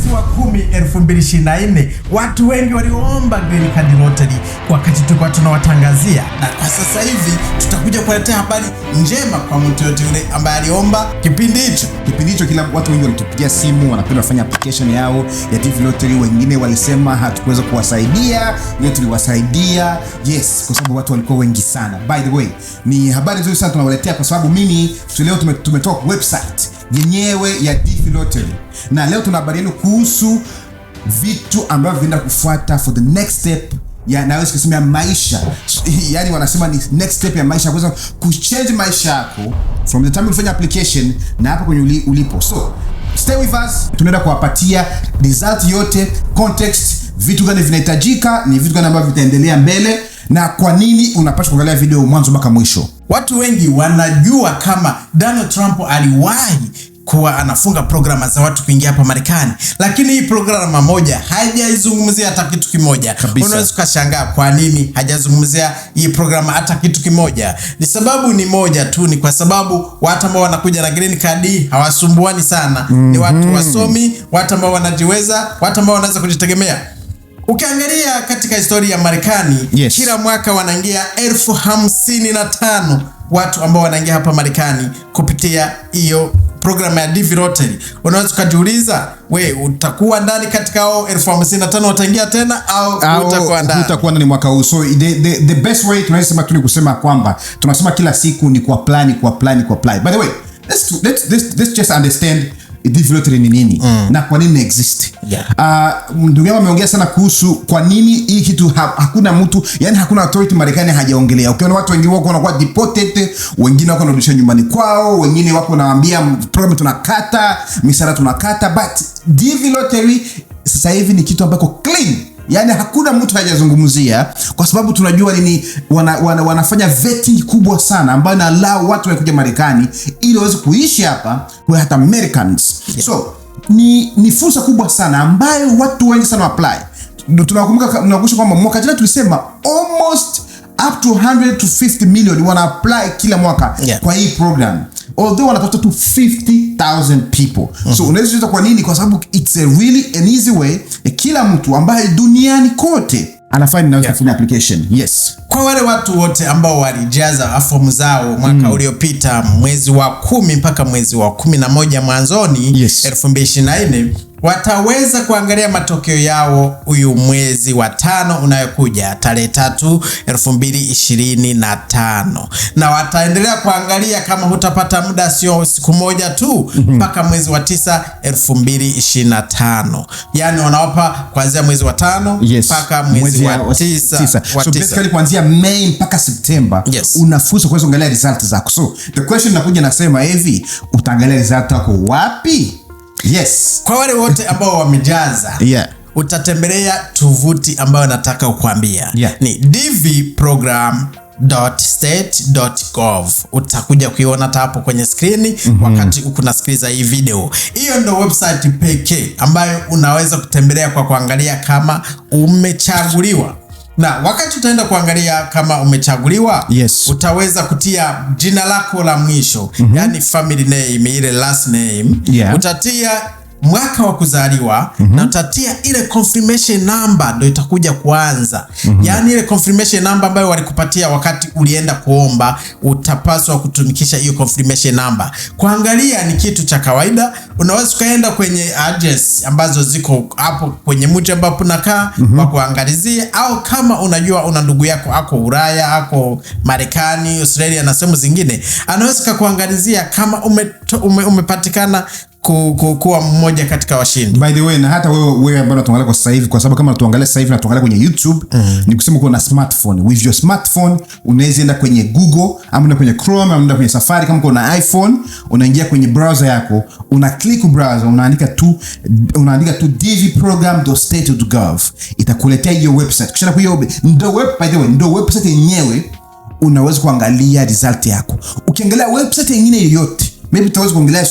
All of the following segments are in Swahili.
mwezi wa kumi 2024 watu wengi waliomba Green Card Lottery wakati tulikuwa tunawatangazia, na kwa sasa hivi tutakuja kuletea habari njema kwa mtu yote yule ambaye aliomba kipindi hicho. Kipindi hicho kila watu wengi walitupigia simu, wanapenda kufanya application yao ya DV Lottery. Wengine walisema hatukuweza kuwasaidia, wengine tuliwasaidia, yes, kwa sababu watu walikuwa wengi sana. By the way, ni habari nzuri sana tunawaletea, kwa sababu mimi leo tumetoka website yenyewe ya D na leo tunabariani kuhusu vitu ambavyo vinaenda kufuata for the next step ya ya maisha, yani wanasema ni next step ya maisha, kuweza kuchange maisha yako from the time ulifanya application na hapo kwenye ulipo. So stay with us, tunaenda kuwapatia result yote, context, vitu gani vinahitajika, ni vitu gani ambavyo vitaendelea mbele, na kwa nini unapaswa kuangalia video mwanzo mpaka mwisho. Watu wengi wanajua kama Donald Trump aliwahi kuwa anafunga programa za watu kuingia hapa Marekani, lakini hii programa moja hajaizungumzia hata kitu kimoja. Unaweza ukashangaa kwa nini hajazungumzia hii programa hata kitu kimoja. Ni sababu ni moja tu, ni kwa sababu watu ambao wanakuja na green card hawasumbuani sana. mm -hmm. Ni watu mhm. wasomi, watu ambao wanajiweza, watu ambao wanaweza kujitegemea. Ukiangalia katika historia ya Marekani yes. Kila mwaka wanaingia elfu hamsini na tano watu ambao wanaingia hapa Marekani kupitia hiyo programu ya DV Lottery. Unaweza ukajiuliza, we utakuwa ndani katika hao elfu hamsini na tano wataingia tena au utakuwa ndani mwaka huu? So the, the, the best way tunaweza sema tu ni kusema kwamba tunasema kila siku ni kwa plani, kwa plani, kwa plani. By the way, let's, let's, let's just understand development ni nini mm. na kwa nini exist yeah. Uh, ndugu yangu ameongea sana kuhusu kwa nini hii kitu ha, hakuna mtu yani hakuna authority Marekani hajaongelea. Ukiona watu wengine wako wanakuwa deported, wengine wako wanarudishwa nyumbani kwao, wengine wako wanawaambia program tunakata, misara tunakata, but development sasa hivi ni kitu ambako clean yani hakuna mtu hajazungumzia, kwa sababu tunajua nini wana, wana, wanafanya vetting kubwa sana ambayo inalau watu wakuja Marekani ili waweze kuishi hapa kwa hata Americans. So ni, ni fursa kubwa sana ambayo watu wengi sana apply. Tunakumbuka, tunakumbusha kwamba mwaka jana tulisema almost up to 150 million wana apply kila mwaka yeah, kwa hii program although wanatafuta tu 50000 people mm-hmm. so mhm. unaweza kwa nini kwa sababu it's a really an easy way eh, kila mtu ambaye duniani kote anafanya yeah. application yes kwa wale watu wote ambao walijaza afomu zao mwaka mm. uliopita mwezi wa kumi mpaka mwezi wa kumi na moja mwanzoni yes wataweza kuangalia matokeo yao huyu mwezi wa tano unayokuja tarehe tatu elfu mbili ishirini na tano na wataendelea kuangalia kama hutapata muda, sio siku moja tu mhm. mpaka mwezi wa tisa elfu mbili ishirini na tano yani wanawapa kuanzia mwezi wa tano mpaka yes. mwezi, mwezi wa, tisa, tisa. Wa so tisa. basically kuanzia Mei mpaka Septemba yes. una fursa kuweza kuangalia result zako, so the question inakuja nasema hivi, utaangalia result yako wapi? Yes. Kwa wale wote ambao wamejaza yeah. Utatembelea tovuti ambayo nataka kukwambia yeah. Ni dvprogram.state.gov utakuja kuiona hapo kwenye skrini mm -hmm. Wakati ukunasikiliza hii video, hiyo ndio website pekee ambayo unaweza kutembelea kwa kuangalia kama umechaguliwa na wakati utaenda kuangalia kama umechaguliwa yes, utaweza kutia jina lako la mwisho mm -hmm. Yani family name ile last name yeah. Utatia mwaka wa kuzaliwa mm -hmm. na utatia ile confirmation number ndio itakuja kuanza mm -hmm. yaani ile confirmation number ambayo walikupatia wakati ulienda kuomba, utapaswa kutumikisha hiyo confirmation number. Kuangalia ni kitu cha kawaida, unaweza ukaenda kwenye address ambazo ziko hapo kwenye mji ambapo unakaa mm -hmm. wa kuangalizia, au kama unajua una ndugu yako ako Ulaya, ako Marekani, Australia na sehemu zingine, anaweza kukuangalizia kama ume, ume, umepatikana kuwa mmoja katika washindi. By the way, na hata wewe wewe ambaye unatuangalia kwa sasa hivi, kwa sababu kama unatuangalia sasa hivi na tuangalia kwenye YouTube mm. -hmm. ni kusema uko na smartphone. With your smartphone unaweza enda kwenye Google ama unaenda kwenye Chrome ama unaenda kwenye Safari, kama uko na iPhone unaingia kwenye browser yako, una click browser, unaandika tu unaandika tu dvprogram.state.gov, itakuletea hiyo website. Kisha kwa hiyo ndio web, by the way, ndio website yenyewe unaweza kuangalia result yako. Ukiangalia website nyingine yoyote, maybe utaweza kuangalia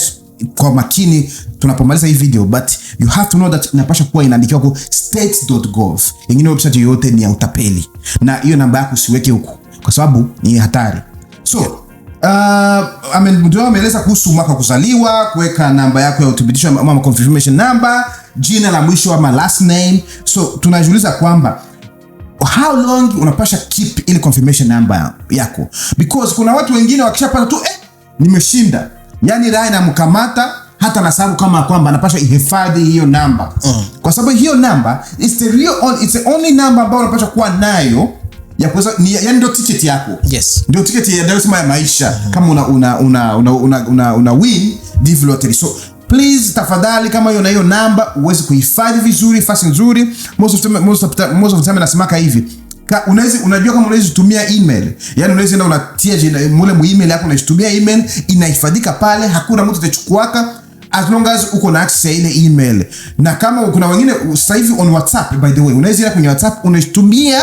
kwa makini tunapomaliza hii video, but you have to know that inapasha kuwa inaandikiwa ku state.gov Ingine website yoyote ni ya utapeli, na hiyo namba yako usiweke huko kwa sababu ni hatari. So uh, ameeleza kuhusu mwaka kuzaliwa, kuweka namba yako ya uthibitisho ama confirmation number, jina la mwisho ama last name. So tunajiuliza kwamba how long unapasha keep ile confirmation number yako, because kuna watu wengine wakishapata tu eh, nimeshinda yani raa inamkamata hata sababu kama kwamba anapaswa ihifadhi hiyo namba mm. kwa sababu hiyo namba it's the real it's the only namba ambayo unapaswa kuwa nayo ya kuweza ni yani ndio tiketi yako yes. ndio tiketi ya ya maisha mm -hmm. kama una una una una, una, una, una win lottery so please tafadhali, kama hiyo na hiyo namba uweze kuhifadhi vizuri, fasi nzuri. Most of time, most of time nasemaka hivi Ka, unawezi unajua kama unaweza tumia email. yani unaweza enda unatia jina mule mu email yako unaitumia email inahifadhika pale, hakuna mtu atachukuaka as long as uko na access ile email. Na kama kuna wengine sasa hivi on WhatsApp by the way, unaweza enda kwenye WhatsApp unaitumia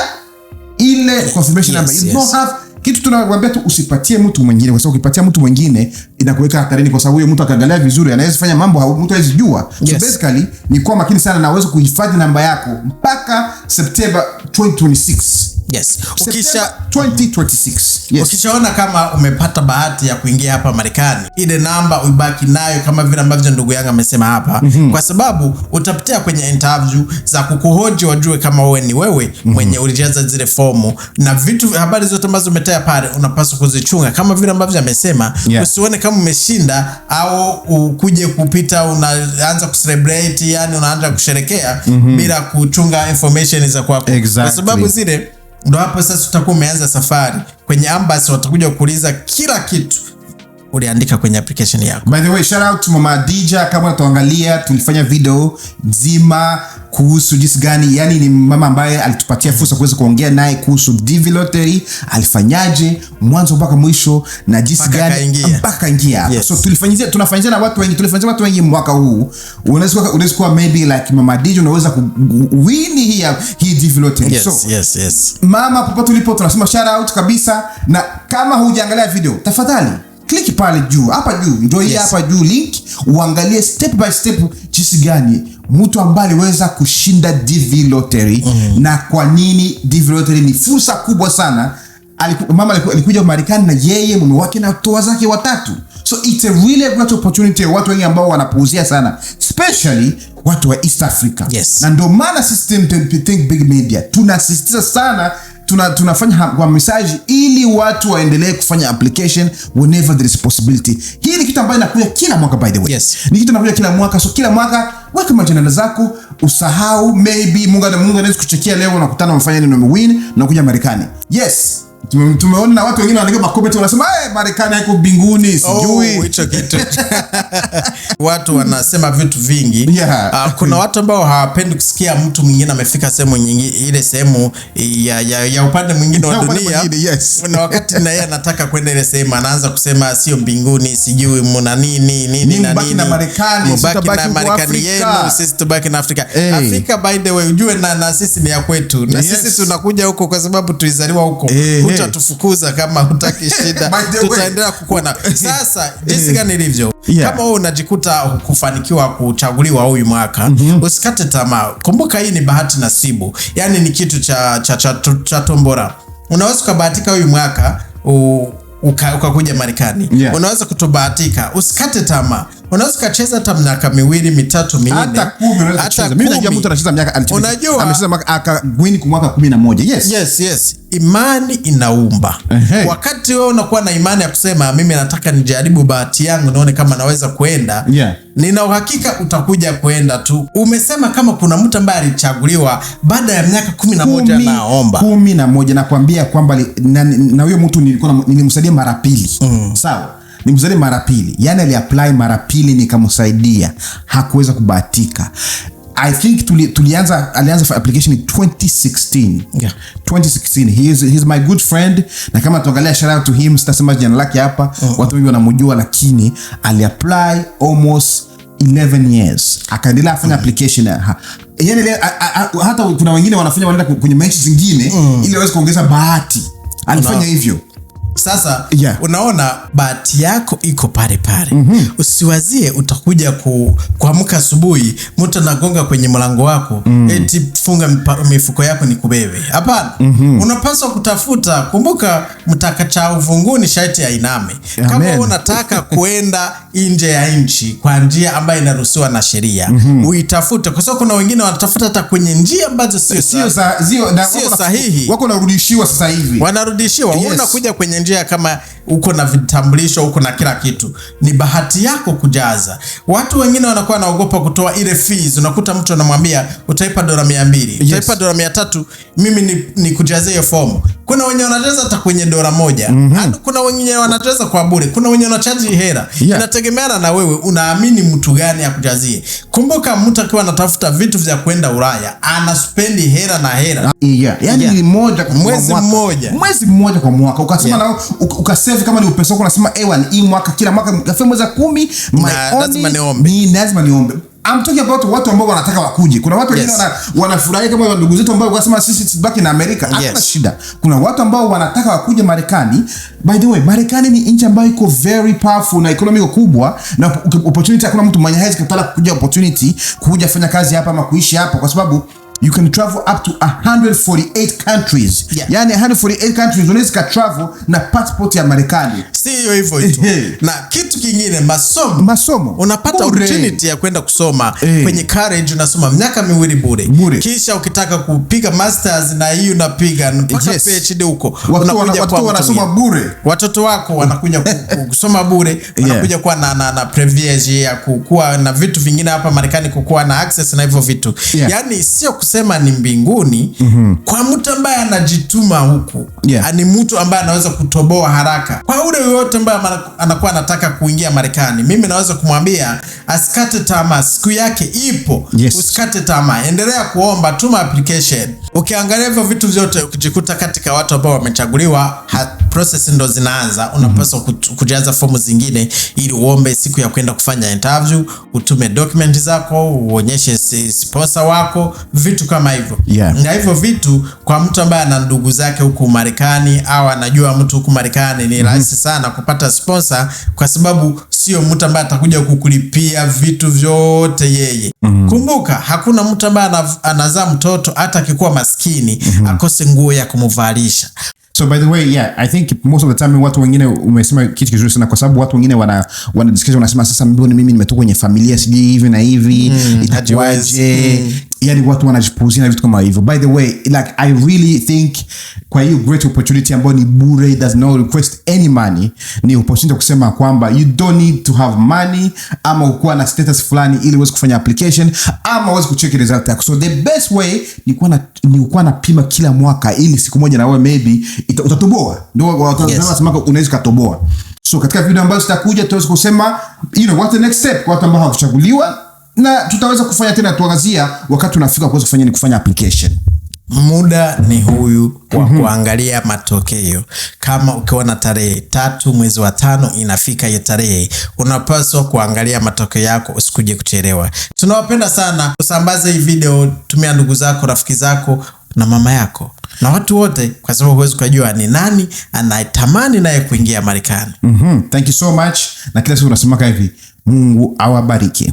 ile confirmation yes, number. you yes. don't have kitu tunakwambia tu usipatie mtu mwingine, kwa sababu ukipatia mtu mwingine inakuweka hatarini, kwa sababu huyo mtu akaangalia vizuri anaweza fanya mambo mtu hawezi jua. Yes. So basically ni kuwa makini sana na uweze kuhifadhi namba yako mpaka September 2026. Yes. Ukisha 2026. Yes. Ukishaona kama umepata bahati ya kuingia hapa Marekani, ile namba uibaki nayo kama vile ambavyo ndugu yangu amesema hapa mm -hmm. Kwa sababu utapitia kwenye interview za kukuhoji wajue kama wewe ni wewe mm -hmm. mwenye ulijaza zile fomu na vitu habari zote ambazo umetaya pale unapaswa kuzichunga kama vile ambavyo amesema yeah. Usione kama umeshinda au ukuje kupita unaanza kucelebrate, yani unaanza kusherekea mm -hmm. bila kuchunga information za kwako exactly. Kwa sababu zile Ndo hapo sasa utakuwa umeanza safari kwenye ambasi, watakuja kuuliza kila kitu uliandika kwenye application yako. By the way, shout out to Mama Adija, kama unatuangalia, tulifanya video nzima kuhusu jinsi gani, yani ni mama ambaye alitupatia fursa kuweza kuongea naye kuhusu DV lottery, alifanyaje mwanzo mpaka mwisho na jinsi gani mpaka ingia. Yes. So tulifanyizia, tunafanyizia na watu wengi, tulifanyizia watu wengi mwaka huu. Unaweza unaweza kuwa maybe like Mama Adija unaweza kuwini hii hii DV lottery. Yes, so yes, yes. Mama popote ulipo tunasema shout out kabisa na kama hujaangalia video, tafadhali kliki pale juu hapa juu ndio hii yes. Hapa juu link uangalie step by step jinsi gani mtu ambaye aliweza kushinda DV lottery mm. na kwa nini DV lottery ni fursa kubwa sana. Aliku, mama alikuja Marekani na yeye mume wake na toa zake watatu, so it's a really great opportunity ya watu wengi ambao wanapuuzia sana, especially watu wa East Africa yes. na ndio maana sisi think big media tunasisitiza sana tuna, tunafanya kwa message ili watu waendelee kufanya application whenever there is possibility. Hii ni kitu ambayo inakuja kila mwaka by the way. Yes. Ni kitu inakuja kila mwaka, so kila mwaka weka majina zako, usahau maybe Mungu anaweza kuchekia leo kukutana umefanya nini umewin na kuja Marekani. Yes tumeona watu wengine wanaga makomenti wanasema hey, eh, Marekani haiko mbinguni, oh, sijui hicho oh, kitu watu wanasema vitu vingi yeah. Uh, kuna watu ambao hawapendi kusikia mtu mwingine amefika sehemu nyingine, ile sehemu ya, ya, ya upande mwingine wa dunia yes. na wakati na yeye anataka kwenda ile sehemu anaanza kusema sio mbinguni, sijui mna nini nini na nini, mbaki na Marekani yenu, sisi tubaki na Afrika. hey. Afrika by the way, ujue na, na sisi ni ya kwetu na yes. sisi tunakuja huko kwa sababu tulizaliwa huko hey utatufukuza kama hutaki shida, tutaendelea kukua na sasa. Jinsi gani ilivyo, yeah. Kama wewe unajikuta kufanikiwa kuchaguliwa huyu mwaka mm -hmm. Usikate tamaa, kumbuka hii ni bahati nasibu, yani ni kitu cha, cha, cha, cha tombora. Unaweza ukabahatika huyu mwaka u ukakuja uka Marekani yeah. Unaweza kutobahatika, usikate tamaa unaweza ukacheza hata miaka miwili mitatu minne hata unaweza kucheza. Mimi najua mtu anacheza miaka amecheza kwa mwaka 11. Yes, yes, yes. Imani inaumba. Uh-huh. Wakati wewe unakuwa na imani ya kusema mimi nataka nijaribu bahati yangu nione kama naweza kuenda Yeah. Nina uhakika utakuja kwenda tu. Umesema kama kuna mtu ambaye alichaguliwa baada ya miaka 11 naomba. 11 nakwambia kwamba na huyo mtu nilikuwa nilimsaidia mara pili. Mm. Sawa. Nilimsaidia mara pili, yani aliapply mara pili nikamsaidia, hakuweza kubahatika. I think tuli, tulianza alianza for application in 2016. Yeah. 2016. He is, he's my good friend na kama tuangalia shout out to him, sitasema jina lake hapa uh -hmm. Watu wengi wanamjua, lakini aliapply almost 11 years akaendelea afanya mm application ha, yani le, a, a, a, hata kuna wengine wanafanya wanaenda kwenye mechi zingine mm ili waweze kuongeza bahati alifanya hivyo sasa yeah. Unaona, bahati yako iko pale pale mm -hmm. Usiwazie utakuja kuamka asubuhi mtu anagonga kwenye mlango wako mm. Eti funga mifuko yako ni kubebe. Hapana mm -hmm. Unapaswa kutafuta. Kumbuka, mtaka cha uvunguni sharti ainame. Kama unataka kuenda nje ya nchi kwa njia ambayo inaruhusiwa na sheria mm -hmm. Uitafute, kwa sababu kuna wengine wanatafuta hata kwenye njia ambazo sio sahihi, wako narudishiwa sasa hivi, wanarudishiwa yes. Unakuja kwenye njia kama uko na vitambulisho, uko na kila kitu, ni bahati yako kujaza. Watu wengine wanakuwa naogopa kutoa ile fees. Unakuta mtu anamwambia utaipa dola 200, utaipa dola 300, mimi ni, ni kujaza hiyo fomu. Kuna wenye wanajaza hata kwenye dola moja. mm -hmm. Kuna wenye wanajaza kwa bure, kuna wenye wanachaji hela yeah. Inategemeana na wewe unaamini mtu gani akujazie. Kumbuka, mtu akiwa anatafuta vitu vya kwenda Ulaya anaspendi hela na hela yeah. Yani yeah. Moja mwezi mmoja mwezi mmoja kwa mwaka ukasema yeah ukasave kama ni upesa wako, unasema A1 hii mwaka, kila mwaka gafia mwezi wa kumi ni lazima niombe. I'm talking about watu ambao wanataka wakuje. Kuna watu wengine yes, wanafurahi kama kama ndugu zetu ambao wanasema sisi tubaki na Amerika. Hakuna yes, shida. Kuna watu ambao wanataka wakuje Marekani. By the way, Marekani ni nchi ambayo iko very powerful na economy iko kubwa na opportunity, hakuna mtu mwenye hawezi kukataa kuja opportunity kuja fanya kazi hapa ama kuishi hapa kwa sababu you can travel up to 148 countries yeah. Yani 148 countries unaweza ka travel na passport ya Marekani. Siyo hivyo tu na kitu kingine masomo, masomo unapata Bure. opportunity ya kwenda kusoma hey. Eh. Kwenye college unasoma miaka miwili bure, bure kisha ukitaka kupiga masters na hii unapiga mpaka yes. PhD huko unakuja kwa watu wanasoma bure, watoto wako wanakuja kusoma bure wanakuja yeah. kuwa na, na, na privilege ya kukua na vitu vingine hapa Marekani, kukua na access na hivyo vitu yeah. Yani sio kusema ni mbinguni mm -hmm. kwa mtu ambaye anajituma huku yeah. ni mtu ambaye anaweza kutoboa haraka. Kwa ule yoyote ambaye anakuwa anataka kuingia Marekani, mimi naweza kumwambia asikate tamaa, siku yake ipo yes. Usikate tamaa, endelea kuomba, tuma application. Ukiangalia hivyo vitu vyote, ukijikuta katika watu ambao wamechaguliwa, process ndo zinaanza. Unapaswa mm -hmm. kujaza fomu zingine ili uombe siku ya kwenda kufanya interview, utume document zako, uonyeshe sponsor wako vitu vitu kama hivyo yeah. Na hivyo vitu kwa mtu ambaye ana ndugu zake huku Marekani au anajua mtu huku Marekani ni mm -hmm. rahisi sana kupata sponsor, kwa sababu sio mtu ambaye atakuja kukulipia vitu vyote yeye mm -hmm. Kumbuka hakuna mtu ambaye anazaa mtoto hata akikuwa maskini mm -hmm. akose nguo ya kumvalisha. So by the way, yeah, I think most of the time watu wengine umesema kitu kizuri sana kwa sababu watu wengine wana wana discussion wanasema sasa mbona mimi nimetoka kwenye familia sijui hivi na hivi mm, itakuwaje? Mm yani watu wanajipuuzia na vitu kama hivyo by the way like i really think kwa hiyo great opportunity ambayo ni bure does not request any money ni opportunity ya kusema kwamba you don't need to have money ama ukuwa na status fulani ili uweze kufanya application ama uweze kucheck result yako so the best way ni kuwa na ni kuwa na pima kila mwaka ili siku moja na wewe maybe ita, utatoboa ndio watu yes. wanasema unaweza katoboa so katika video ambayo sitakuja tuweze kusema you know what the next step kwa watu ambao hawakuchaguliwa na tutaweza kufanya tena, tuangazia wakati unafika kuweza kufanya ni kufanya application. Muda ni huyu wa mm -hmm. kuangalia matokeo. Kama ukiwa na tarehe tatu mwezi wa tano inafika hiyo tarehe, unapaswa kuangalia matokeo yako usikuje kuchelewa. Tunawapenda sana, usambaze hii video, tumia ndugu zako, rafiki zako na mama yako na watu wote, kwa sababu huwezi kujua ni nani anayetamani naye kuingia Marekani. mm -hmm. Thank you so much, na kila siku unasema hivi, Mungu awabariki.